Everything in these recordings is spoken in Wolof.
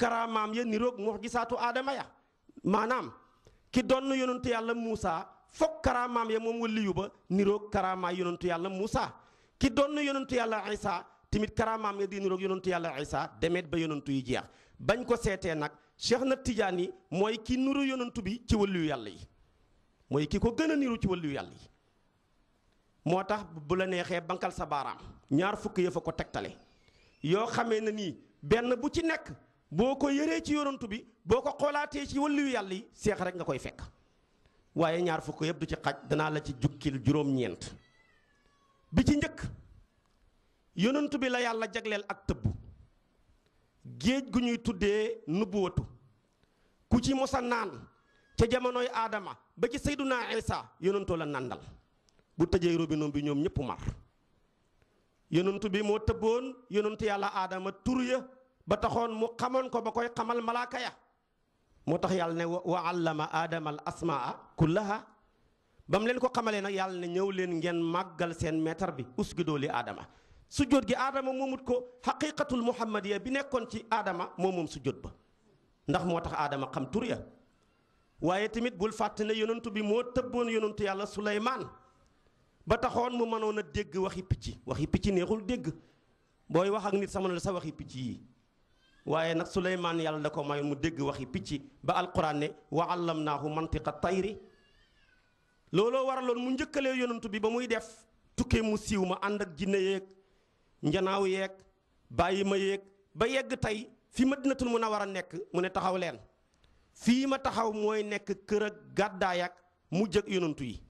karaamaam ya niroog muxjisaatu aadama ya maanaam ki doon yonentu yàlla Muusa foog karaamaam ya moom waliyu ba niroog karaamaay yonentu yàlla Muusa ki doon yonentu yàlla Isa tamit karaamaam ya di niroog yonentu yàlla Isa demeet ba yonentu yi jeex bañ ko seetee nag Cheikh na Tidiane yi mooy ki niru yonentu bi ci waliyu yàlla yi mooy ki ko gën a niru ci waliyu yàlla yi moo tax bu la neexee bankal sa baaraam ñaar fukk ya fa ko tegtale yoo xamee na nii bu ci nekk boo ko yéree ci yonantu bi boo ko xoolaatee ci wàllu yàlla yi seex rek nga koy fekk waaye ñaar fukk yëpp du ci xaj danaa la ci jukkil juróom-ñeent bi ci njëkk yonantu bi la yàlla jagleel ak tëbb géej gu ñuy tuddee nubbuwatu ku ci mosa naan ca jamonoy aadama ba ci sayduna isa yonantoo la nàndal bu tëjee robinom bi ñoom ñëpp mar yonantu bi moo tëbboon yonantu yàlla aadama tur ba taxoon mu xamoon ko ba koy xamal malaaka ya moo tax yàlla ne wa allama aadama al asmaa kullaha ba mu leen ko xamalee nag yàlla ne ñëw leen ngeen màggal seen maître bi usgudoo li aadama sujjóot gi aadama moomut ko xaqiqatul muhammadiya bi nekkoon ci aadama moom moom sujjóot ba ndax moo tax aadama xam tur ya waaye tamit bul fàtte ne yonantu bi moo tëbboon yonantu yàlla suleymaan ba taxoon mu mënoon a dégg waxi picc waxi picc neexul dégg booy wax ak nit sama la sa waxi picc waaye nag suleymaan yàlla da ko may mu dégg waxi picc ba alquran ne wa allamnaahu mantiqa tayri looloo waraloon mu njëkkalee yonantu bi ba muy def tukkee mu siiw ma ànd ak jinne yeeg njanaaw yeeg bàyyi ma yéeg ba yegg tey fi a war a nekk mu ne taxaw leen fii ma taxaw mooy nekk kër ak gàddaay ak mujj ak yonantu yi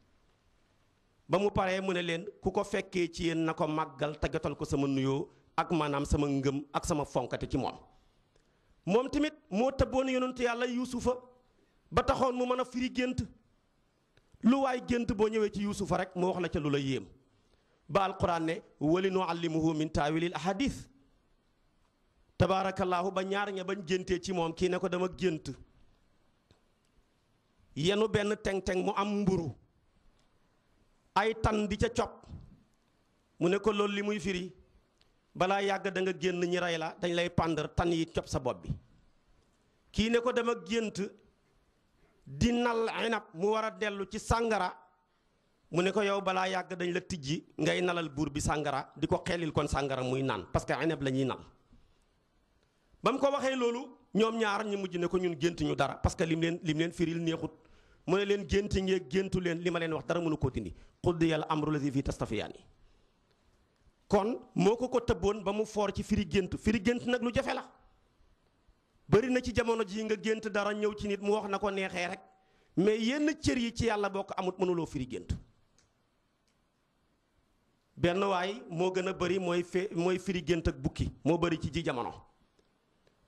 ba mu paree mu ne leen ku ko fekkee ci yéen na ko màggal te ko sama nuyoo ak maanaam sama ngëm ak sama fonkate ci moom moom tamit moo tëbboon yonentu yàlla yuusufa ba taxoon mu mën a firi gént lu waay gént boo ñëwee ci yuusufa rek mu wax la ca lu la yéem ba alquran ne wali nu allimuhu min taawilil tabaarakallaahu ba ñaar ña bañ géntee ci moom kii ne ko dama gént yenu benn teng-teng mu am mburu ay tan di ca cop mu ne ko loolu li muy firi balaa yàgg danga nga génn ñi rey la dañ lay pàndar tan yi cop sa bopp bi kii ne ko dama gént di nal inab mu war a dellu ci sàngara mu ne ko yow balaa yàgg dañ la tijji ngay nalal buur bi sàngara di ko xelil kon sàngara muy naan parce que inab la ñuy nal ba mu ko waxee loolu ñoom ñaar ñu mujj ne ko ñun gént ñu dara parce que lim leen lim leen firil neexut mu ne leen gént ngee géntu leen li ma leen wax dara mënu koo dindi quddiyal amru lazi fi tastafiyaani kon moo ko ko tëbboon ba mu foor ci firi gént firi gént nag lu jafe la bari na ci jamono ji nga gént dara ñëw ci nit mu wax na ko neexee rek mais yenn cër yi ci yàlla bokk amut mënuloo firi gént benn waay moo gën a bari mooy fe firi gént ak bukki moo bari ci ji jamono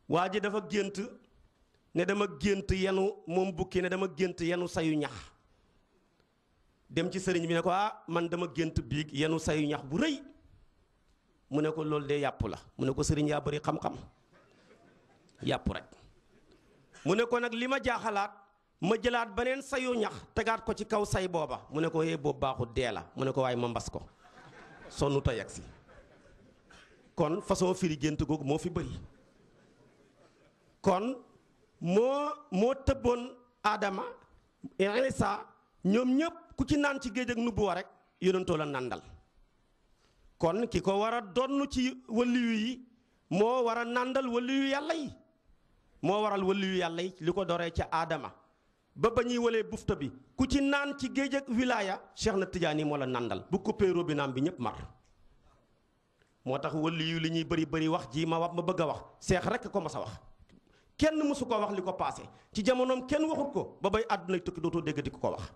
waa ji dafa gént ne dama gént yenu moom bukki ne dama gént yenu sayu ñax dem ci sëriñ bi ne ko ah man dama gént biig yenu sayu ñax bu rëy mu ne ko loolu de yàpp la mu ne ko sëriñ yaa bëri xam-xam yàpp rek mu ne ko nag li ma jaaxalaat ma jëlaat beneen sayu ñax tegaat ko ci kaw say booba mu ne ko yee eh, boobu baaxut dee la mu ne ko waaye ma mbas ko sonnu ta yegg si kon façon firi gént googu moo fi bari kon moo moo tëboon aadama Isa ñoom ñëpp ku ci naan ci géej ak nubbu wa rek yonentoo la nàndal kon ki ko war a donn ci waliyu yi moo war a nàndal waliyu yàlla yi moo waral waliyu yàlla yi li ko doree ca aadama ba ba ñuy walee bufta bi ku ci naan ci géej ak wilaaya Cheikh na Tidiane moo la nàndal bu coupé robinaam bi ñépp mar moo tax waliyu li ñuy bari bari wax ji ma wax ma bëgg a wax seex rekk ko mas a wax kenn mësu ko wax li ko paase ci jamonoom kenn waxut ko ba bay àdduna tukki dootoo dégg di ko ko wax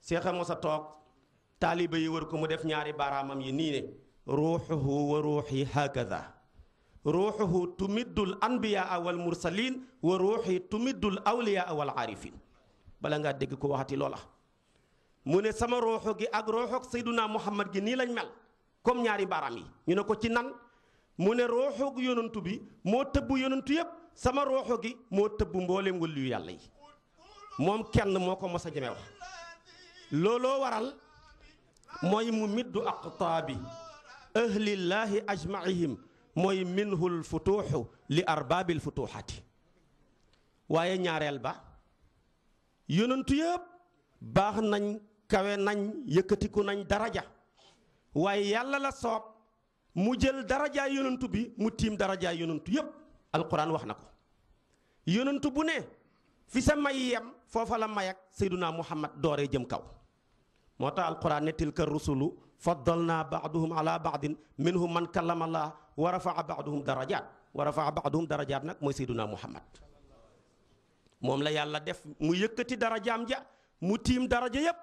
seexa mos a toog taaliba yi wër ko mu def ñaari baramam yi ni ne ruuxuhu wa ruuhi hakaza ruuxuhu tumiddul anbiya wal mursalin wa ruuhi tumiddul awliya wal arifin bala nga deg ko waxati lola mu ne sama ruuhu gi ak ruuhu sayyiduna muhammad gi ni lañ mel comme ñaari baram yi ñu ne ko ci nan mu ne gi yonentu bi mo tëbb yonentu yeb sama ruuhu gi mo tëbb wal yu yàlla yi mom kenn moko mossa jëme wax lolo waral mooy mu middu aqtaabi ahlillaahi ajmaihim mooy minhul futuuxu li arbaabil futuuxati waaye ñaareel ba yonentu yëpp baax nañ kawe nañ yëkkatiku nañ daraja waaye yàlla la soob mu jël daraja yonentu bi mu tiim daraja yonentu yëpp alquran wax na ko yonentu bu ne fi sa may yem foofa la may ak seyduna muhammad dooree jëm kaw moo tax alquran ne tilka rusulu faddalna baaduhum ala baadin minhum man kallama allah wa rafaa baaduhum darajaat wa rafaa baaduhum darajaat nag mooy sayduna muhammad moom la yàlla def mu yëkkati darajaam ja mu tiim daraja yépp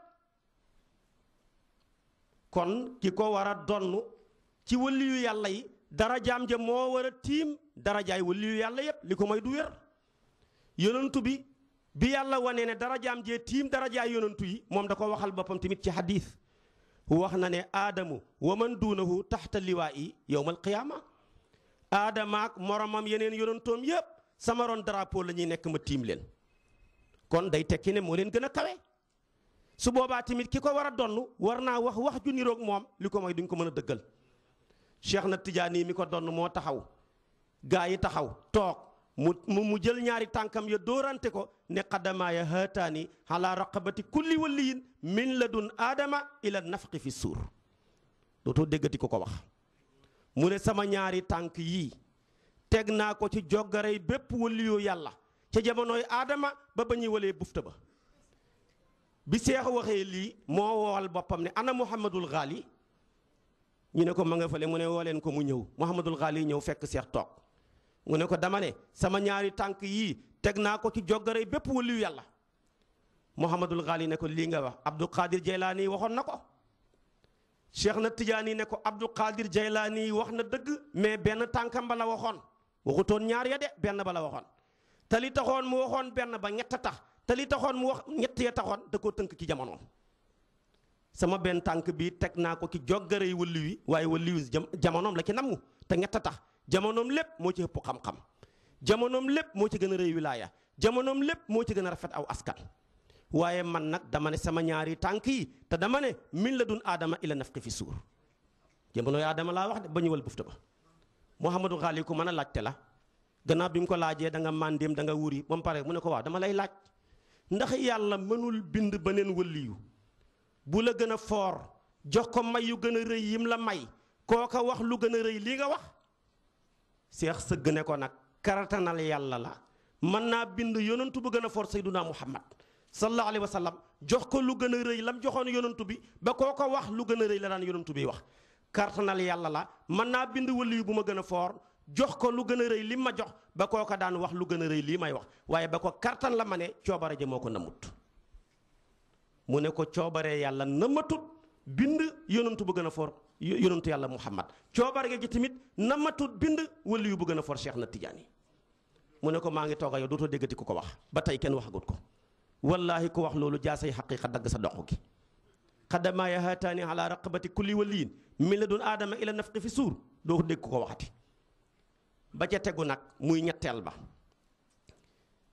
kon ki ko war a donn ci wëliyu yàlla yi darajaam ja moo war a tiim darajaay wëliyu yàlla yépp li ko may du wér yonentu bi bi yàlla wane ne jaam jee tiim darajaa yonantu yi moom da ko waxal boppam tamit ci hadith wax na ne aadamu wa man duunahu taxta liwaa yi yowmal qiyaama aadama ak moromam yeneen yonantoom yépp sama ron drapeau la ñuy nekk ma tiim leen kon day tekki ne moo leen gën a kawe su boobaa tamit ki ko war a donn war naa wax wax ju niroog moom li ko moy duñ ko mën a dëggal Cheikh na Tijaani mi ko donn moo taxaw gaa yi taxaw toog mu mu jël ñaari tànkam ya dóorante ko ne xadamaaya haataani ala raqabati kulli waliyin min ladun aadama ila nafqi fi suur dootoo déggati ko ko wax mu ne sama ñaari tànk yii teg naa ko ci joggarey bépp waliyu yàlla ca jamonoy aadama ba ba ñuy walee bufta ba bi seex waxee lii moo woowal boppam ne ana muhammadul xaali ñu ne ko ma nga fële mu ne woo leen ko mu ñëw muhammadul xaali ñëw fekk seex toog mu ne ko dama ne sama ñaari tànk yii teg naa ko ci joggare bépp waliyu yàlla Muhammadul Ghali ne ko lii nga wax Abdul Qadir Jaylaani waxoon na ko Cheikh na Tijaani ne ko Abdul Qadir Jaylaani wax na dëgg mais benn tànkam ba la waxoon waxutoon ñaar ya de benn ba la waxoon te li taxoon mu waxoon benn ba ñett tax te li taxoon mu wax ñett ya taxoon da koo tënk ci jamonoom sama benn tànk bi teg naa ko ci joggare yi waliyu wi waaye waliyu jamonoom la ci namm te ñett tax jamonoom lépp moo ci ëpp xam-xam jamonoom lépp moo ci gën a rëy wilaaya jamonoom lépp moo ci gën a rafet aw askan waaye man nag dama ne sama ñaari tànk yi te dama ne min la dun aadama ila nafqi fi suur jamonoy aadama laa wax de ba ñëwal bufta ba Mouhamadou Xaali ku mën a laajte la gannaaw bi mu ko laajee da nga màndeem da nga wuri ba mu pare mu ne ko waaw dama lay laaj ndax yàlla mënul bind beneen wëlliyu bu la gën a foor jox ko may gën a rëy yim la may kooka wax lu gën a rëy lii nga wax seex sëgg ne ko nag karatanal yàlla la mën naa bind yonantu bu gën a for sayduna muhammad sallallahu alayhi wa sallam jox ko lu gën a rëy lam joxoon yonantu bi ba koo ko wax lu gën a rëy la daan yonantu biy wax karatanal yàlla la mën naa bind waliyu bu ma gën a foor jox ko lu gën a rëy li ma jox ba koo ko daan wax lu gën a rëy lii may wax waaye ba ko kartan la ma ne coobare ja moo ko namut mu ne ko coobaree yàlla namatut bind yonantu bu gën a foor yonantu yàlla muhammad coobarge ji tamit na matut bind wala yu bëgg na for Cheikh na Tidiane mu ne ko maa ngi toog yow dootoo déggati ku ko wax ba tey kenn waxagut ko wallaahi ku wax loolu jaasay xaqiqa dagg sa doq gi xadamaa yahataani ala raqabati kulli waliin min la doon aadama ila nafqi fi suur doo ko dégg ku ko waxati ba ca tegu nag muy ñetteel ba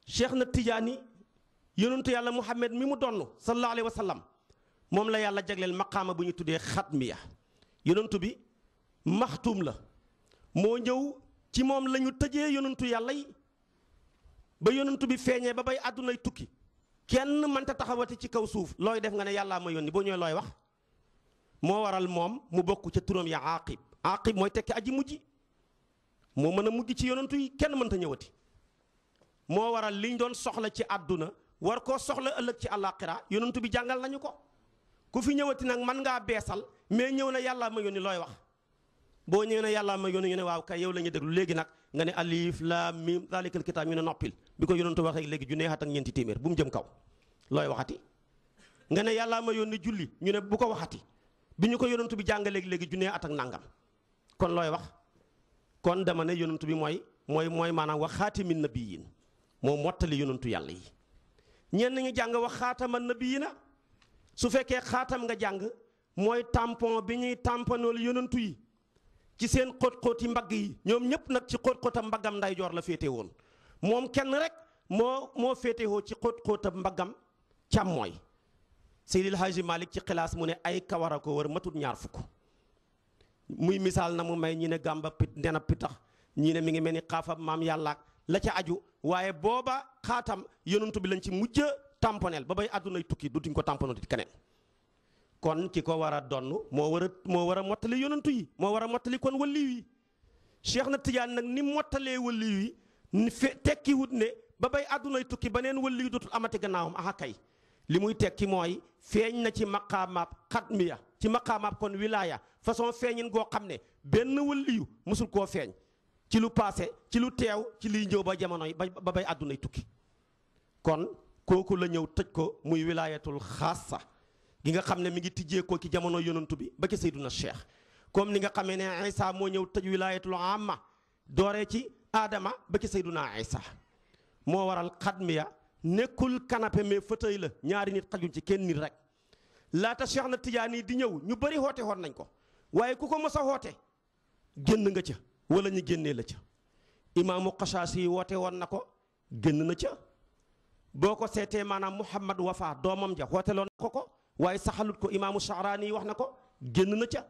Cheikh na Tidiane yonantu yàlla muhammad mi mu donn sallallahu alayhi wa sallam moom la yàlla jagleel maqaama bu ñu tuddee xatmiya yonantu bi maxtuum la moo ñëw ci moom lañu ñu tëjee yonantu yàlla yi ba yonantu bi feeñee ba bay àddunay tukki kenn mënta taxawati ci kaw suuf looy def nga ne yàllaa ma yónni boo ñëwee looy wax moo waral moom mu bokk ca turam ya aaqib aaqib mooy tekki aji mujji moo mën a mujj ci yonantu yi kenn mënta ñëwati moo waral liñ doon soxla ci àdduna war koo soxla ëllëg ci àllaaxira yonantu bi jàngal nañu ko ku fi ñëwati nag man ngaa beesal mais ñëw na yàllaa ma yónni looy wax boo ñëwee ne yàllaa ma yónni ñu ne waaw kay yow la ñuy déglu léegi nag nga ne alif laam miim zaalikal kitaab ñu ne noppil bi ko yonantu waxee léegi ju neexat ak ñeenti téeméer bu mu jëm kaw looy waxati nga ne yàllaa ma yónni julli ñu ne bu ko waxati bi ñu ko yonantu bi jàng léegi léegi junne at ak nangam kon looy wax kon dama ne yonantu bi mooy mooy mooy maanaam wax xaatimin nabiyin moo mottali yonantu yàlla yi ñenn ñu jàng wax xaataman nabiyina su fekkee xaatam nga jàng mooy tampon bi ñuy tamponool yonantu yi ci seen xóot-xóoti mbagg yi ñoom ñëpp nag ci xóot-xóotam mbaggam ndeyjoor la féete woon moom kenn rek moo moo féetewoo ci xóot-xóotam mbaggam càmmooy Seydil Hadji Malick ci xilaas mu ne ay kawara ko wër matut ñaar fukk muy misaal na mu may ñi ne gàmba pit ndena pitax ñi ne mi ngi mel ni xaafab maam yàllaak la ca aju waaye booba xaatam yonantu bi lañ ci mujj tamponel ba bay àddunay tukki dutiñ ko tamponel keneen kon ki ko war a donn moo war a moo war a mottali yonantu yi moo war a mottali kon waliw yi Cheikh na Tidiane nag ni mottalee waliw yi ni fe tekki ne ba bay àddunay tukki ba neen waliw dootul amati gannaawam aha kay li muy tekki mooy feeñ na ci maqaamaab xatmiya ci maqaamaab kon wilaaya façon feeñin goo xam ne benn waliyu mosul koo feeñ ci lu paase ci lu teew ci liy ñëw ba jamono yi bay àddunay tukki kooku la ñëw tëj ko muy wilaayatul xaasa gi nga xam ne mi ngi tijjee ko ci jamono yonantu bi ba ci sayduna cheikh comme ni nga xamee ne isa moo ñëw tëj wilaayatul amma dooree ci aadama ba ci sayduna isa moo waral xadmiya nekkul canapé mais fauteuil la ñaari nit xajuñ ci kenn nit rek laata cheikh na tijaan yi di ñëw ñu bari hoote hoon nañ ko waaye ku ko mos a hoote génn nga ca wala ñu génnee la ca imaamu xasaasi yi woote woon na ko génn na ca boo ko seetee maanaam Mouhamad Wafa doomam ja xooteloon na ko ko waaye saxalut ko imaamu Sha'raani wax na ko génn na ca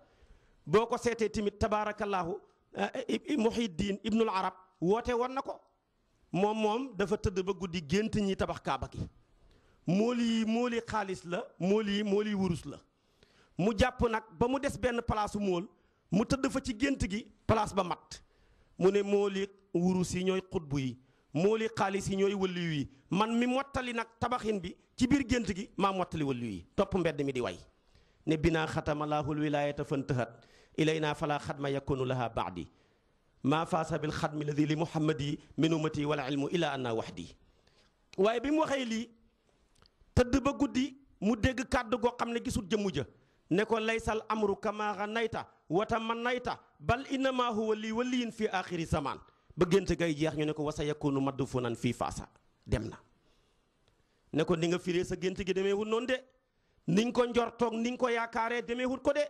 boo ko seetee tamit tabaarakallaahu eh, eh, Muhyiddin Ibnul Arab woote woon na ko moom moom dafa tëdd ba guddi gént ñi tabax kaaba gi mool yi mooli xaalis la mool yi mool yi wurus la mu jàpp nag ba mu des benn place mool mu tëdd fa ci gént gi place ba mat mu ne mooli wurus yi ñooy xutbu yi moo li xaalis yi ñooy wëlliw yi man mi mottali nag tabaxin bi ci biir gént gi maa mottali wëlliw yi topp mbedd mi di way ne binaa xatamalaahul wilaayata fantahat ilayna fala xadma yakunu laha baadi maa faasa bil xadmi ladi li muhammadi min umati wala ilmu ila anna waxdi waaye bi mu waxee lii tëdd ba guddi mu dégg kàddu goo xam ne gisul jëmmu ja ne ko laysal amru kama xanayta wata man nayta bal innama huwa lii waliyin fi axiri zaman ba gént gay jeex ñu ne ko wasa yakunu madd fu nan fii faasa dem na ne ko ni nga firee sa gént gi demeewul noonu de ni nga ko njortoog ni nga ko yaakaaree demee demeewul ko de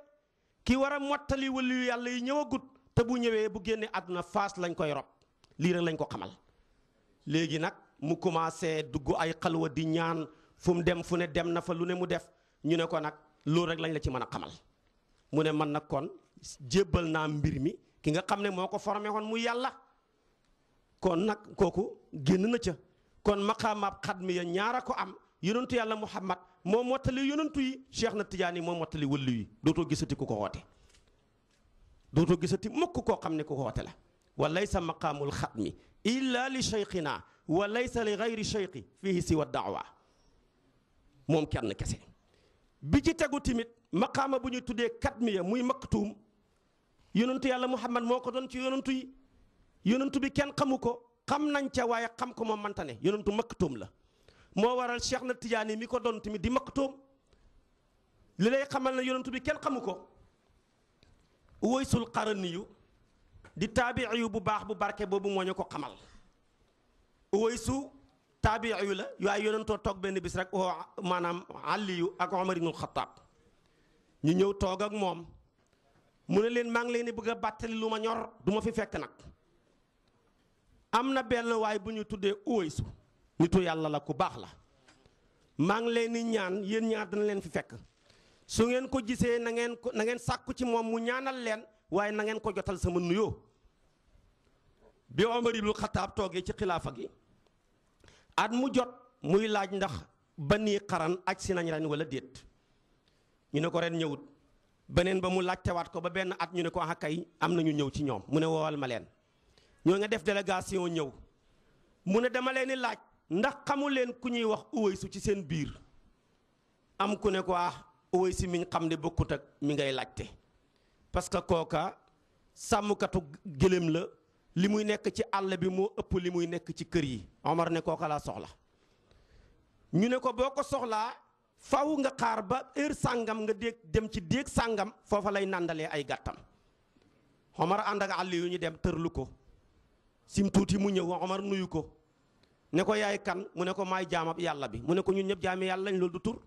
ki war a mottali waliyu yàlla yi ñëwagut te bu ñëwee bu génnee àdduna faas lañ koy rob lii rek lañ ko xamal léegi nag mu commencé dugg ay xalwa di ñaan fu dem fu ne dem na fa lu ne mu def ñu ne ko nag loolu rek lañ la ci mën a xamal mu ne mën nag kon jébbal naa mbir mi ki nga xam ne moo ko formé woon mu yàlla kon nak koku génn na ca kon maqam ab xadmi ya ñaara ko am yonentu yàlla muhammad mo motali yonentu yi cheikh na tidiane mo motali wëllu yi doto gisati ku ko woote doto gisati mukk ko xamne ku ko woote la walaysa maqamul maqaamul illa li shaykhina walaysa li ghayri shaykhi fihi siwa da'wa mom kenn kesse bi ci tagu timit maqama buñu tuddé tuddee ya muy maktum yonentu yàlla muhammad moko don ci yonentu yi yonantu bi kenn xamu ko xam nañ ca waaye xam ko moom manta ne yonantu maktuum la moo waral Cheikh na Tidiane mi ko doon tamit di maktuum li lay xamal ne yonantu bi kenn xamu ko Uwaysul Qaraniyu di taabiiyu bu baax bu barke boobu moo ñu ko xamal Uwaysu taabiiyu la waaye yonantoo toog benn bis rek oo maanaam Aliyu ak Omar Xataab ñu ñëw toog ak moom mu ne leen maa ngi leen di bëgg a bàttali lu ma ñor du ma fi fekk nag am na benn waay bu ñu tuddee Uwaysu nitu yàlla la ku baax la maa ngi leen di ñaan yéen ñaar dana leen fi fekk su ngeen ko gisee na ngeen ko nangeen sàkku ci moom mu ñaanal leen waaye na ngeen ko jotal sama nuyoo bi Omar ibnu Xataab toogee ci xilaafa gi at mu jot muy laaj ndax bani xaran aj si nañ ren wala déet ñu ne ko reen ñëwut beneen ba mu laaj tewaat ko ba benn at ñu ne ko ah kay am na ñu ñëw ci ñoom mu ne woowal ma leen. ñoo nga def délégation ñëw mu ne dama leen di laaj ndax xamu leen ku ñuy wax Uwaysu ci seen biir am ku ne ko ah Uwaysu miñ xam ne bokkut ak mi ngay laajte parce que kooka sàmmkatu gëléem la li muy nekk ci àll bi moo ëpp li muy nekk ci kër yi Omar ne kooka laa soxla ñu ne ko boo ko soxlaa faw nga xaar ba heure sàngam nga déeg dem ci déeg sàngam foofa lay nàndalee ay gàttam Omar ànd ak àll yu ñu dem tërlu ko sim tuuti mu ñëw Omar nuyu ko ne ko yaay kan mu ne ko maay jaamab yàlla bi mu ne ko ñun ñëpp jaami yàlla lañ loolu du tur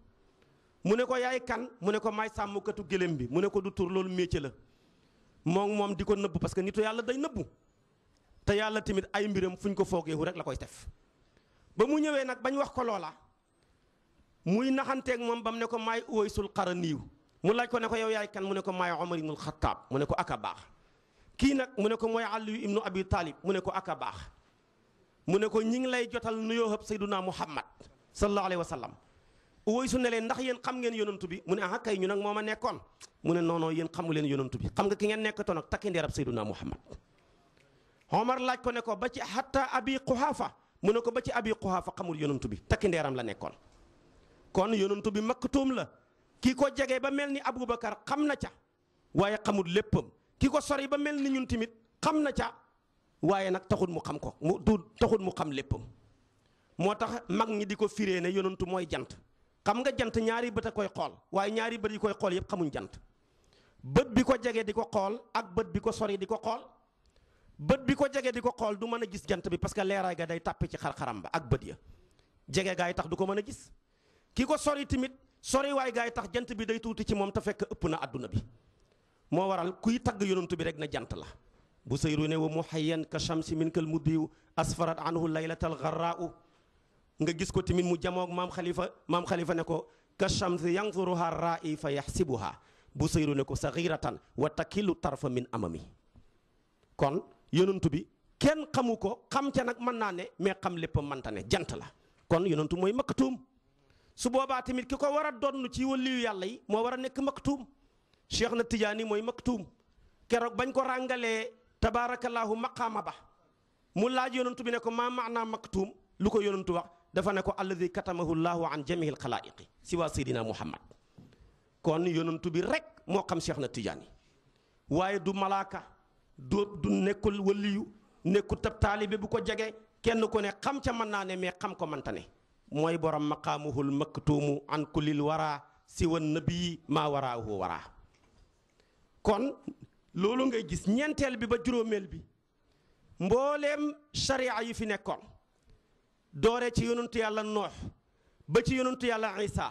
mu ne ko yaay kan mu ne ko maay sàmmkatu gëléem bi mu ne ko du tur loolu métier la moom moom di ko nëbbu parce que nitu yàlla day nëbbu te yàlla tamit ay mbiram fuñ ko foogeewu rek la koy def ba mu ñëwee nag bañ wax ko loola muy naxanteeg moom ba mu ne ko maay xara niiw mu laaj ko ne ko yow yaay kan mu ne ko maay Omar ibnul Xattaab mu ne ko aka baax kii nag mu ne ko mooy Aliyu ibnu Abi Taalib mu ne ko ak a baax mu ne ko ñi ngi lay jotal nuyoo hëb Sayyiduna Muhammad sallallahu alayhi wa sallam woy su ne leen ndax yéen xam ngeen yonantu bi mu ne ah kay ñu nag moo ma nekkoon mu ne noonoo non yéen xamu leen yonantu bi xam nga ki ngeen nekkatoon ak takki ndeerab Sayyiduna Muhammad Omar laaj ko ne ko ba ci hatta Abi mu ne ko ba ci Abi xamul yonantu bi takki ndeeram la nekkoon kon yonantu bi maktuum la kii ko jege ba mel ni Aboubacar xam na ca waaye xamul léppam Kiko sori ba melni ñun timit xam na ca waye nak taxul mu xam ko mu du taxul mu xam léppam motax mag ñi diko firé né yonentu moy jant xam nga jant ñaari bët a koy nyari waaye ñaari bët yi koy xol yépp xamuñ jant bët bi ko jege diko xol ak bët bi ko sori diko xol xool bi ko diko xol du mëna gis jant bi parce que léray ga day tapé ci xar ba ak bët ya jege gaay tax du ko mën gis kiko sori timit sori way gaay tax jant bi day tuuti ci mom tafek fekk ëpp na aduna bi mo waral kuy tag yonentou bi rek na jant la bu sayru ne wa muhayyan ka shamsi min kal muddiyu asfarat anhu laylatal gharraau nga gis ko timin mu ak maam khalifa mam khalifa ne ko ka shamsi yanzuruha rai fa yahsibuha bu sayru ne ko saghiratan wa takilu tarfa min amami kon yonentou bi ken xamuko xam ci nak man naa ne mais xam lépp man tane jant la kon yonentou moy maktum su boba timit kiko wara donu ci waliyu yàlla yi mo wara nek maktum cheikh na tijaani mooy maktuum keroog bañ ko ràngalee tabaarakallaahu maqaama ba mu laaj yonantu bi ne ko maa maanaa maktuum lu ko yonantu wax dafa ne ko alladi katamahu llaahu an jamihil xalaayiqi si waa seydina muhammad kon yonantu bi rek moo xam cheikh na tijaani waaye du malaaka du du nekkul waliyu nekkul tab taalibe bu ko jege kenn ku ne xam ca mën naa ne mais xam ko mënta ne mooy borom maqaamuhul maktuumu an kullil wara siwa nabii maa waraahu waraa kon loolu ngay gis ñeenteel bi ba juróomeel bi mbooleem sharia yi fi nekkoon doore ci yonentu yàlla noox ba ci yonentu yàlla isa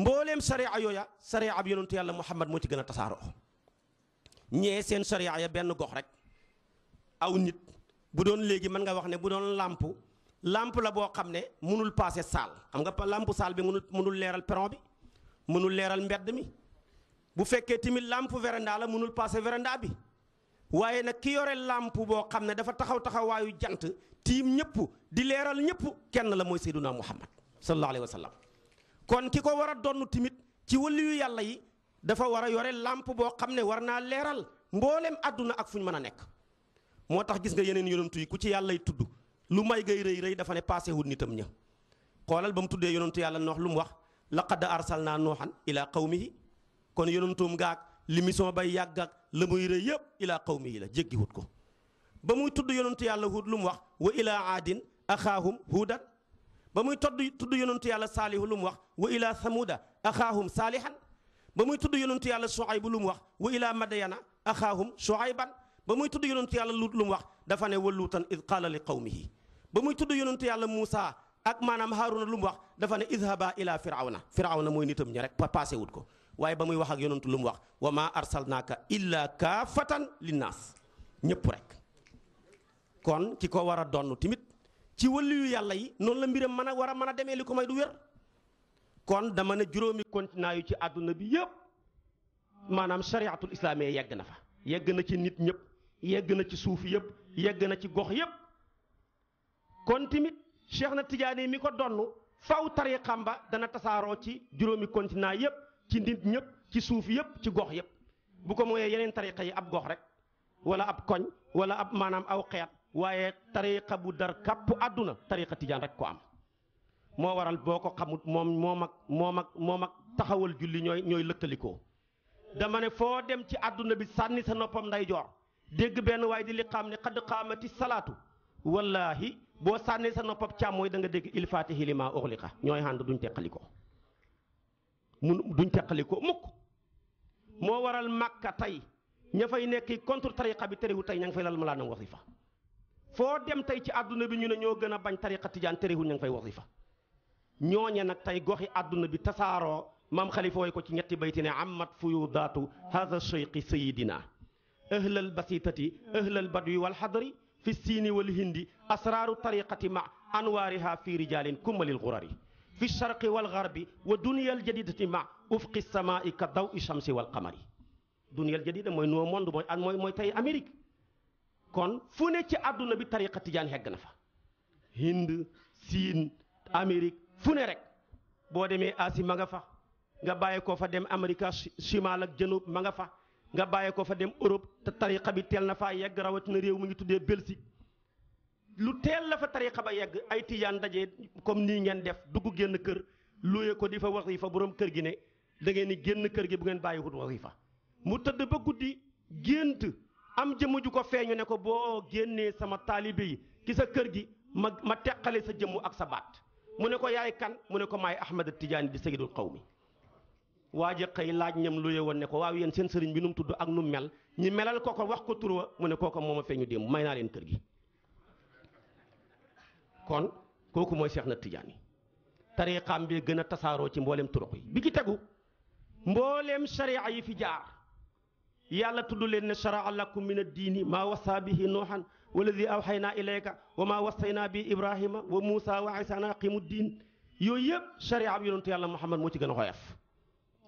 mbooleem sharia yooya sharia bi yonentu yàlla muhammad moo ci gën a tasaaroo ñee seen sharia ya benn gox rek aw nit bu doon léegi mën nga wax ne bu doon làmp làmp la boo xam ne mënul paase saal xam nga làmp saal bi mënul mënul leeral peron bi mënul leeral mbedd mi bu fekke timi làmp véranda la munul passer véranda bi waye nak ki yore làmp bo xamne dafa taxaw wayu jant tim ñëpp di leral ñëpp kenn la moy sayyiduna muhammad sallallahu alayhi wasallam kon kiko wara donu timit ci wali yu yàlla yi dafa wara yore làmp bo xamne warna leral naa aduna ak fu ñu nek motax gis nga yeneen yonentuy ku ci yi tuddu lu may gay reey reey dafa ne passé wut nitam ñe xolal bam tuddé yonentuy yàlla nox lu mu wax laqad arsalnaa nooxan ila qawmihi kon yonentum gaag li mission bay yàgg ak la muy rëy yëpp ilaa qawmi la jeggi wut ko ba muy tudd yàlla hud lum wax wa ila adin akhahum hudan ba muy tuddu tudd yàlla salih lum wax wa ila samuda akhahum salihan ba muy tudd yonantu yàlla shuaybu lum wax wa ila madayana akhahum shuayban ba muy tudd yonantu yàlla lut lum wax dafa ne walutan id qala li qawmihi ba muy yàlla musa ak manam harun lum wax dafa ne idhaba ila fir'auna fir'auna moy nitam ñi rek passé wut ko waaye ba muy wax ak yonantu lu mu wax wa ma ka illa kaafatan linnaas ñëpp rek kon ki ko war a donn tamit ci wëlliyu yàlla yi noonu la mbiram mën a war a mën a demee li ko may du wér kon dama ne juróomi continent ci àdduna bi yëpp maanaam chariatul islaamiyya yegg na fa yegg na ci nit ñëpp yegg na ci suuf yëpp yegg na ci gox yëpp kon tamit Cheikh na Tidiane mi ko donn faw tariqam ba dana tasaaroo ci juróomi continent yëpp ci nit ñëpp ci suuf yëpp ci gox yëpp bu ko mooyee yeneen tariqa yi ab gox rek wala ab koñ wala ab maanaam aw xeet waaye tariqa bu dar kàpp àdduna tariqa tijaan rek ko am moo waral boo ko xamut moom moom ak moom ak moom ak taxawal julli ñooy ñooy lëkkalikoo dama ne foo dem ci àdduna bi sànni sa noppam ndeyjoor dégg benn waaye di li xam ne xadd xaamati salaatu wallaahi boo sànnee sa noppam càmmooy da nga dégg il faatihi limaa ñooy ànd duñ teqalikoo duñ teqali mukk mo waral màkka tay ña fay nekk contre tariqa bi terewul tay ñang fay lal malaanam wasifa fo dem tay ci aduna bi ñu ne ño gëna bañ tariqa tijaan terewul ñang ngi fay wasifa ñoña nak tay goxi aduna bi tasaro mam khalifa way ko ci ñetti bayti ne amat fuyudaatu hada cheyqi sayidina أهل البسيطة أهل البدو والحضر في السين والهند أسرار الطريقة مع أنوارها في رجال كمل الغرر في الشرق والغرب ودنيا الجديدة مع أفق السماء كضوء الشمس والقمر دنيا الجديدة موي نو موند موي موي موي تاي Amérique كون فوني تي أدونا بطريقة bi tariqa tijaan هند سين fa فوني Siin Amérique fu آسي rek boo nga baye ko fa dem america chimal ak janub ma nga fa nga baye ko fa dem Europe ta tariqa bi telna fa yegg rawat na rew mu ngi tuddee Belgique lu teel la fa tariqa ba yegg ay tijaan daje comme nii ngeen def dugg génn kër luye ko di fa wasifa borom kër gi ne da ngeen ni génn kër gi bu ngeen bàyyiwut wasifa mu tëdd ba guddi gént am jëmm ju ko feeñu ne ko boo génnee sama taalibe yi ki sa kër gi ma ma teqale sa jëmm ak sa baat mu ne ko yaay kan mu ne ko maay Ahmad Tijaani di sayyidul qawmi waa ji xëy laaj ñam lu yewoon ne ko waaw yéen seen sëriñ bi nu mu tudd ak nu mel ñi melal ko ko wax ko tur mu ne kooko moom a feeñu démb may naa leen kër gi kon koku moy cheikh na Tijaani tariqaam bi gëna tasaro ci mbollem turuq yi bi ci teggu mbollem sharia yi fi jaar yàlla tudd leen ne sharaa lakum min ad-din ma wasa bihi nuuhan waladi awhayna ilayka wa maa bi ibrahima wa musa wa isa an aqimu diin sharia bi yonentu yàlla muhammad mo ci gëna a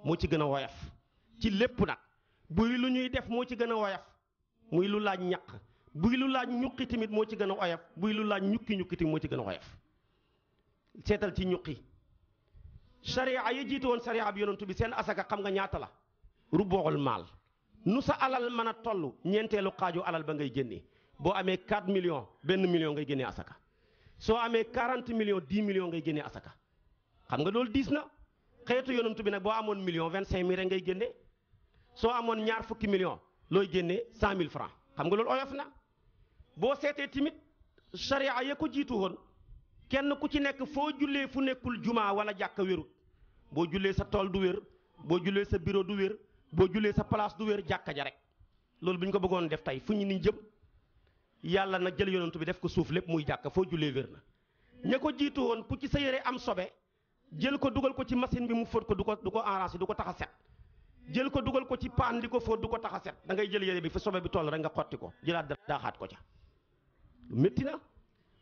mo ci gëna a ci lépp nak buy lu ñuy def mo ci gëna a muy lu laaj ñak buy lu laaj ñuqi tamit moo ci gën a oyof buy lu laaj ñukki ñukki tamit moo ci gën a oyof seetal ci ñuqi sariya yi jiite woon sariya bi yonantu bi seen asaka xam nga ñaata la ruboxul maal nu sa alal mën a toll ñeenteelu xaaju alal ba ngay génnee boo amee 4 millions benn million ngay génnee asaka soo amee 40 millions 10 millions ngay génnee asaka xam nga loolu diis na xeetu yonantu bi nag boo amoon million 25 mille rek ngay génnee soo amoon ñaar fukki million looy génnee 100000 francs xam boo seetee tamit sariya ya ko jiitu woon kenn ku ci nekk foo jullee fu nekkul jumaa wala jàkka wérut boo jullee sa tool du wér boo jullee sa biro du wér boo jullee sa place du wér jàkka ja rek loolu bu ñu ko bëggoon def tey fu ñu ni jëm yàlla na jël yonent bi def ko suuf lépp muy jàkka foo jullee wér na ña ko jiitu woon ku ci sa yére am sobe jël ko dugal ko ci machine bi mu fóot ko du ko du ko arrangé du ko tax a set jël ko dugal ko ci paan di ko fóot du ko tax a set da ngay jël yére bi fa sobe bi toll rek nga xotti ko jëlaat daaxaat ko ca metina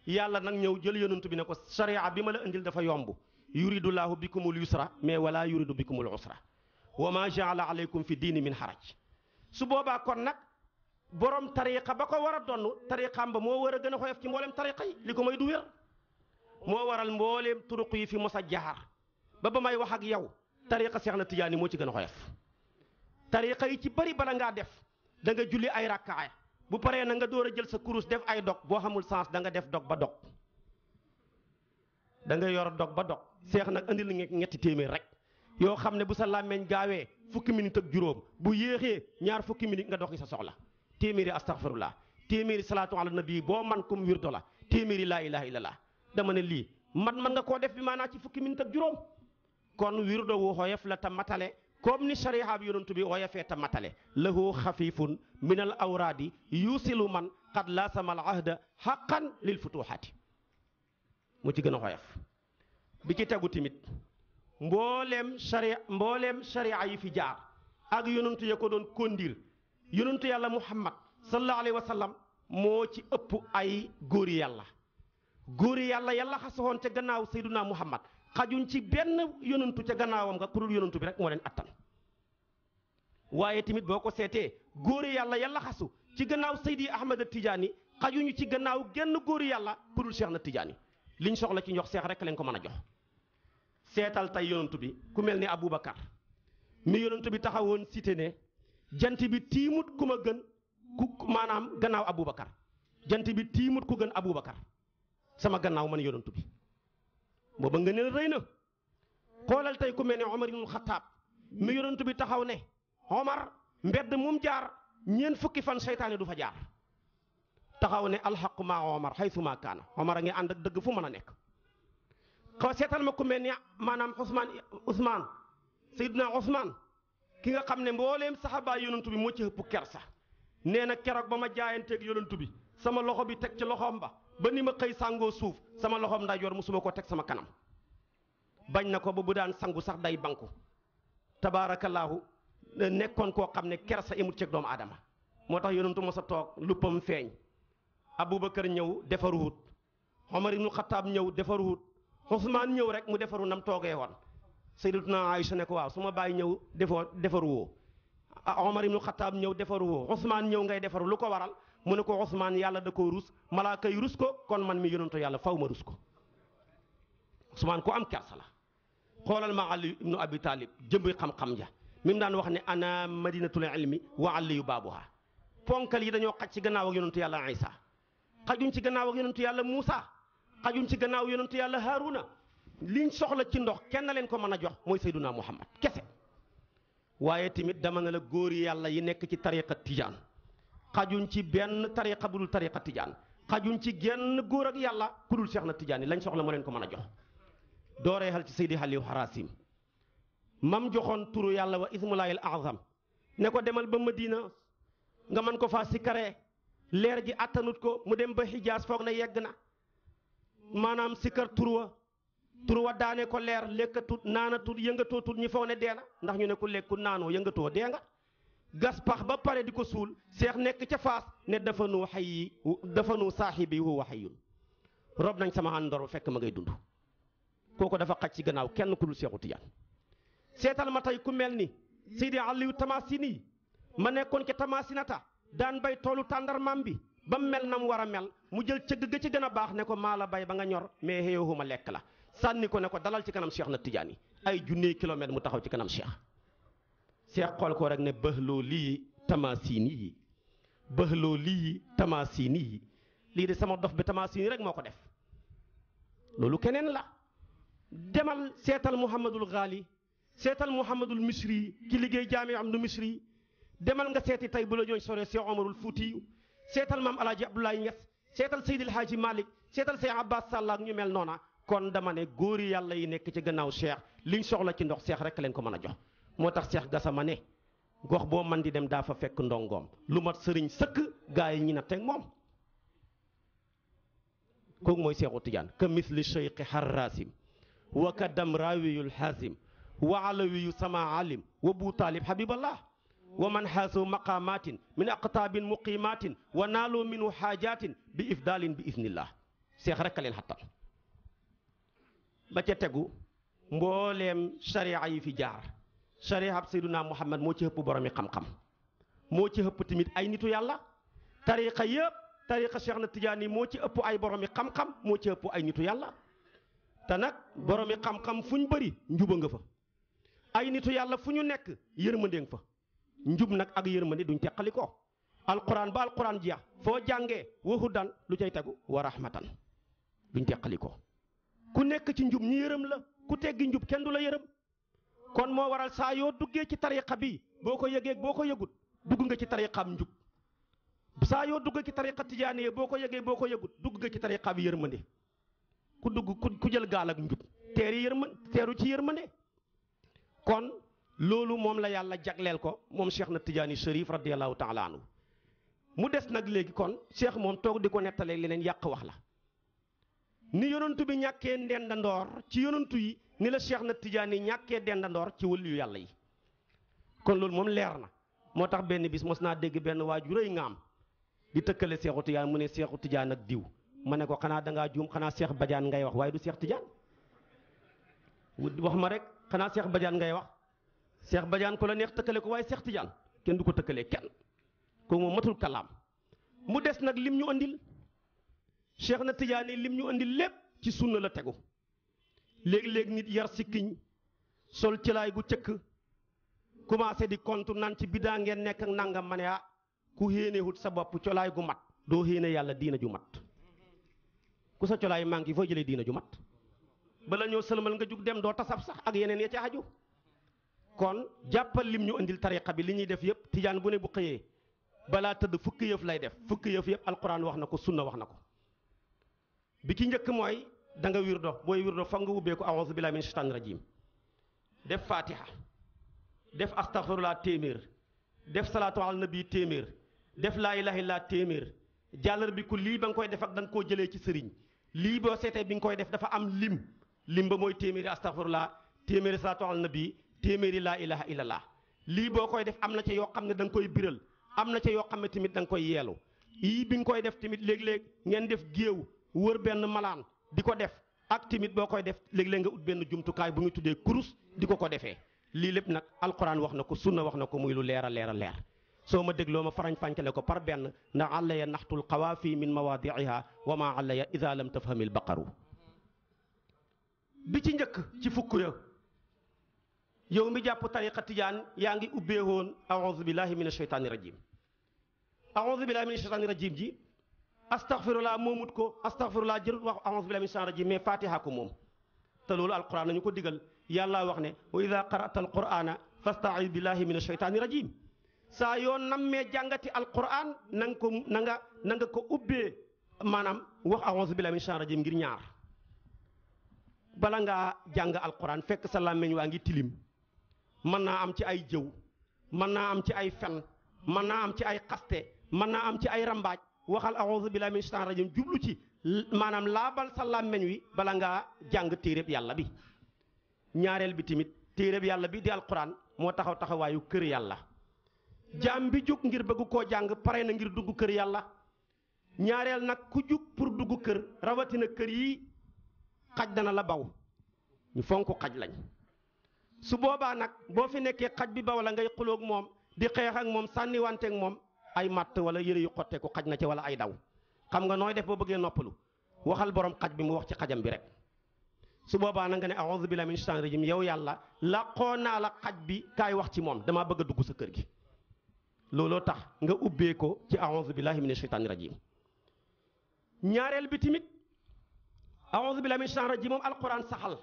yàlla nak ñëw jël yonentou bi ne ko sharia bima la andil dafa yomb yuridullahu bikumul yusra mais wala yuridu bikumul usra wama jaala alaykum fi din min haraj su boba kon nak borom tariqa bako wara don tariqa ba mo wara gëna xoyof ci mbolem tariqa yi liko may du wér mo waral mbolem turuq yi fi mos ba ba may wax ak yaw tariqa na tidiane mo ci gëna xoyof tariqa yi ci bari bala nga def da nga julli ay rak'a bu yang na nga doora sekurus jël sa kurus def ay dog bo xamul sens da nga def dog ba dog da nga yor dog ba dog cheikh nak andil ñetti rek yo xam ne bu sa làmmeñ gaawé fukki minute ak juroom bu yéxé ñaar fukki minute nga doxi sa soxla téeméeri astaghfirullah téeméeri salatu ala nabi bo man kum wirdo la téeméeri la ilaha illallah dama ne li man man nga ko def bi maanaa ci fukki minute ak juroom kon wirdo wu xoyef la ta matale كم نشريها بيرون تبي ويا فيتا ماتالي له خفيف من الأورادي يوصل من قد لا سما العهد حقا للفتوحات موتي غنو ويا بكي تاغو تيميت مبولم شريع مبولم شريعي في جار اك يونن تو يكو دون كوندير يونن تو يالا محمد صلى الله عليه وسلم موتي أبو اي غوري يالا غوري يالا يالا خاصهون تي غناو سيدنا محمد xajuñ ci benn yonantu ca gannaawam nga ku dul bi rek moo leen attan waaye tamit boo ko seetee góori yàlla yàlla xasu ci gannaaw Seydi Ahmada Tidiane xajuñu ci gannaaw génn góori yàlla ku seex Cheikh na Tidiane liñ soxla ci njox seex rek lañ ko mën a jox. seetal tey yonantu bi ku mel ni Aboubacar mi yonantu bi taxawoon cité ne jant bi tiimut ku ma gën ku maanaam gannaaw Aboubacar jant bi tiimut ku gën Aboubacar sama gannaaw man yonantu bi. ba nga neen reyna xolal tay ku melni umar Omar khattab mi yonent bi taxaw ne umar mbedd mum jaar ñeen fukki fan shaytané du fa jaar taxaw ne al haqq Omar umar haythu ma kana umar nga ànd ak deug fu meuna nek xaw setal ma ku melni manam usman usman sayyidna usman ki nga xamne mbolem sahaba saxabaay bi mo ci hepp kersa neena kérok bama jaayante ak jaayanteeg bi sama loxo bi tek ci loxom ba ba ni ma xëy sàngoo suuf sama loxoom ndeyjoor musuma ko teg sama kanam bañ na ko ba bu daan sangu sax day banku tabaarakallaahu nekkoon koo xam ne kersa imut ceeg doomu aadama moo tax yonentu mos sa toog luppam feeñ aboubacar ñëw defaruhut omar ibnu xataab ñëw defaruhut usmaan ñëw rek mu defaru nam toogee woon sayyidatuna aïcha ne ko waaw su ma bàyyi ñëw defoo defaruwoo ah, omar mu xataab ñëw defaruwoo usmaan ñëw ngay defaru lu ko waral mu ne ko Ousmane yàlla da koo rus malaaka yi rus ko kon man mi yonantu yàlla fawma rus ko usman ko am kersa la ma Ali ibn Abi Talib jembe xam xam-xam ja mim mu wax ni ana madinatul ilmi wa ali babuha ponkal yi dañoo xaj ci gannaaw ak yonantu yàlla Isa xajuñ ci gannaaw ak yonantu yàlla musa xajuñ ci gannaaw yonantu yàlla Haruna liñ soxla ci ndox kenn leen ko mën jox moy Sayyiduna Muhammad kesse waye timit dama na la góor yàlla yi nek ci tariqa tijan xajuñ ci benn tariqa bu dul tariqa tijaan xajuñ ci genn góor ak yàlla ku dul Seex na Tijaan yi lañ soxla moo leen ko mën a jox dooree xal ci Seydi Aliou Harasim mam joxoon turu yàlla wa ismulaayil azam ne ko demal ba Madina nga mën ko faa sikkaree leer ji attanut ko mu dem ba Hijaas foog na yegg na maanaam sikkar turu wa turu wa daane ko leer lekka lekkatut naanatut yëngatootut ñi foog ne dee na ndax ñu ne ku lekku naanoo yëngatoo dee nga gas pax ba pare di ko suul seex nekk ca faas ne dafa nu xay dafa nu saaxibi huwa xayyun rob nañ sama àndoor bu fekk ma ngay dund kooku dafa xaj ci gannaaw kenn ku dul seexu tijaan seetal ma tey ku mel ni Seydi Aliyu Tamasini ma nekkoon ca Tamasinata daan bay toolu tàndarmaam bi ba mel na mu war a mel mu jël cëgg ga ci gën a baax ne ko maa la bay ba nga ñor mais xëyoo ma lekk la sànni ko ne ko dalal ci kanam Cheikh na tijaan yi ay junnee kilomètre mu taxaw ci kanam Cheikh seex xool ko rek ne bëxloo lii tamaasini yi bëxloo lii tamaasini yi lii de sama dof bi tamaasini rek moo ko def loolu keneen la demal seetal muhammadul gaali seetal muhammadul misri ki liggéey jaami am du misri demal nga seeti tey bu la ñooñ sore seex omarul fuutiyu seetal maam alaaji abdoulaye ñes seetal seydil haaji malik seetal seex abbas sàll ak ñu mel noona kon dama ne góori yàlla yi nekk ci gannaaw cheikh liñ soxla ci ndox seex rek lañ ko mën a jox motax Cheikh Gassama ne gox bo man di dem da fa fek ndongom lu mat serigne seuk gaay ñi na teg mom ko moy cheikhou tidiane ka misli cheyqi harrasim wa kadam dam hazim wa alawi sama alim wa bu taalib habiballah wa man xaasoo maqaamaatin min aqtaabin muqiimaatin wa naaloo minu xaajaatin bi ifdaalin bi isnillah seex rekk a leen xattan ba ca tegu mbooleem sharia yi fi jaar sariyaab sayduna muhammad moo ci ëpp boromi xam-xam moo ci ëpp tamit ay nitu yàlla tariqa yëpp tariqa Cheikh na Tidiane yi moo ci ëpp ay boromi xam-xam moo ci ëpp ay nitu yàlla te nag boromi xam-xam fu ñu bëri njuba nga fa ay nitu yàlla fu ñu nekk yërmandee nga fa njub nag ak yërmande duñ teqali ko alquran ba alquran jeex foo jàngee waxu dan lu cay tegu wa rahmatan duñ teqali ko ku nekk ci njub ñu yërëm la ku teggi njub kenn du la yërëm kon moo waral saa yoo duggee ci tariqa bi boo ko yëgee boo ko yëgut dugg nga ci tariqaam njub saa yoo dugg ci tariqa tijaani boo ko yëgee boo ko yëgut dugg nga ci tariqaam yërmande ku dugg ku jël gaal ak njub teeri yërma teeru ci yërmande kon loolu moom la yàlla jagleel ko moom Cheikh na Tijaani Cherif radiyallahu taala anhu mu des nag léegi kon Cheikh moom toog di ko nettalee leneen yàq wax la ni yonentou bi ndend ndor ci yonentou yi ni la cheikh na tidiane ndend ndor ci yu yalla yi kon lool mom leer na moo benn bis mosna naa benn waju reuy ngam di tekkale seexu tidiane mune ne tidiane ak diw mané ko xana da nga joom xana cheikh badiane ngay wax way du cheikh tidiane wax ma rek xana cheikh badiane ngay wax cheikh badiane ko la neex tekkale ko way cheikh tidiane kenn du ko tëkkalee kenn kooku matul kalam mu dess nak lim ñu andil cheikh na tidiane lim ñu andi lepp ci sunna la teggu leg leg nit yar sol ci lay gu cëkk commencé di kontu nan ci bida ngeen nek ak nangam mané ha ah, ku ku hut sa ci lay gu mat do héene yalla diina ju mat ku sa lay mangi fo jëlee diina ju mat la ñoo selmal nga juk dem do tasab sax ak yeneen ya ci haju kon jappal lim ñu andil tariqa bi li ñi def yépp tidiane bu ne bu xëyee bala tëdd fukk yef lay def fukk yef yep alquran waxnako sunna waxnako bi ci njëkk mooy da nga wirdo booy wirdo foog nga ubbeeku a'uuzu billaahi min shaytaani rajiim def faatiha def astaxfirullaa téeméer def salaatu ala nabi téeméer def laa ilaaha illallaa téeméer jàllar bi ku lii ba nga koy def ak da koo jëlee ci sëriñ lii boo seetee bi nga koy def dafa am lim lim ba mooy téeméeri astaxfirullaa téeméeri salaatu ala nabi téeméeri laa ilaaha illallaa lii boo koy def am na ci yoo xam ne danga koy biral am na ca yoo xam ne tamit da koy yeelu yii bi nga koy def tamit léeg-léeg ngeen def géew wër benn malaan di ko def ak tamit boo koy def léeg-léeg nga ut benn jumtukaay bu ñu tuddee kurus di ko ko defee lii lépp nag alquran wax na ko sunna wax na ko muy lu leer a leer a leer soo ma dégloo ma farañ fànkale ko par benn ndax allaya naxtul xawaafi min mawaadiiha wa ma allaya ida lam tafhamil baqaru bi ci njëkk ci fukk ya yow mi jàpp tariqa tijaan yaa ngi ubbeewoon aoudu billahi min asheytaani rajim aoudu billahi min asheytaani rajim ji استغفر الله مومود كو استغفر الله جير واخ اعوذ بالله من الشيطان الرجيم فاتحه كو موم تا لول القران نيو كو ديغال يالا واخ واذا قرات القران فاستعذ بالله من الشيطان الرجيم سا يون نامي جانغاتي القران نانكو نانغا نانغا كو اوبي مانام واخ اعوذ بالله من الشيطان الرجيم غير ñar بالاغا جانغا القران فك سلامي واغي تيليم من نا ام تي اي جيو من نا ام تي اي فن من نا ام تي اي قسته من نا ام تي اي رمباج waxal a'uuzu billaahi mina shaytaani jublu ci maanaam laabal sa làmmeñ wi bala ngaa jàng téereb yàlla bi ñaareel bi tamit téereb yàlla bi di alquran moo taxaw taxawaayu kër yàlla jaam bi jóg ngir bëgg koo jàng pare na ngir dugg kër yàlla ñaareel nag ku jug pour dugg kër rawatina kër yi xaj dana la baw ñu fonk xaj lañ su boobaa nag boo fi nekkee xaj bi baw la ngay xuloog moom di xeex ak moom sànniwante ak moom ay mat wala yëre yu xotte ko xajna ci wala ay daw xam nga noy def bo beugé noppalu waxal borom xaj bi mu wax ci xajam bi rek su boba na nga ne a'udhu billahi minash shaitanir rajim yow yàlla laqoo la xaj bi kay wax ci mom dama bëgg a dugg sa kër gi lolo tax nga ubbé ko ci a'udhu billahi minash shaitanir rajim ñaarel bi timit a'udhu billahi minash shaitanir rajim alquran saxal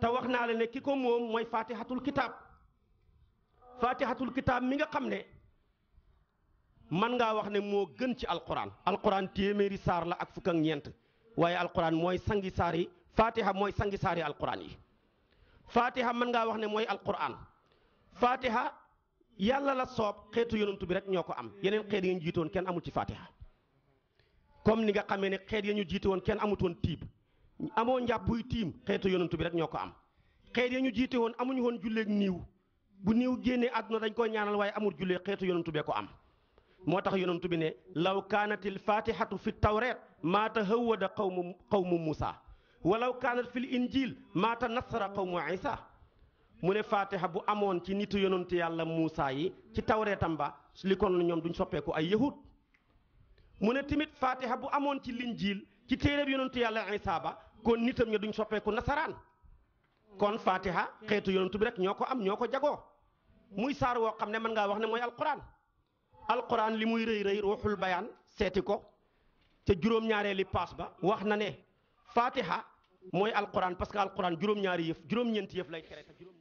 ta waxna la ne kiko mom moy fatihatul kitab fatihatul kitab mi nga xamne man ngaa wax ne moo gën ci alxuraan alquran téeméeri saar la ak fukk ñeent waaye alxuraan mooy sangi saari yi mooy sangi saar yi alquran yi fatiha mën ngaa wax ne mooy alquran fatiha yàlla la soob xeetu yoonantu bi rek ñoo ko am yeneen xeet yi ñu jiitoon kenn amul ci fatiha comme ni nga xamee ne xeet ya ñu jiite woon kenn amutoon tiib amoo njàppuy tiim xeetu yonantu bi rek ñoo ko am xeet ya ñu jiite woon amuñu woon julleeg niiw bu niiw génnee àdduna dañ ko ñaanal waaye amul jullee xeetu yonantu bee ko am motax yonentou bi ne law kaanatil fatihatu fi tawrat mata hawada qawm qawm musa walaw kanat fil injil mata tanassara qawm Isa mune fatiha bu amone ci nitu yonentou yàlla musa yi ci tawratam ba li kon ñoom duñ soppeku ay yahud mune timit fatiha bu amone ci linjil ci tereb yonentou yàlla Isa ba kon nitam ñu duñ soppeku nasaran kon fatiha xetu yonentou bi rek ñoko am ñoko jago muy sar wo xamne man nga wax ne moy alquran القران لي ري ري روح البيان سيتيكو تي جوروم نياري باس با واخنا ني فاتحه موي القران باسكو القران جوروم نياري يف جوروم نينت يف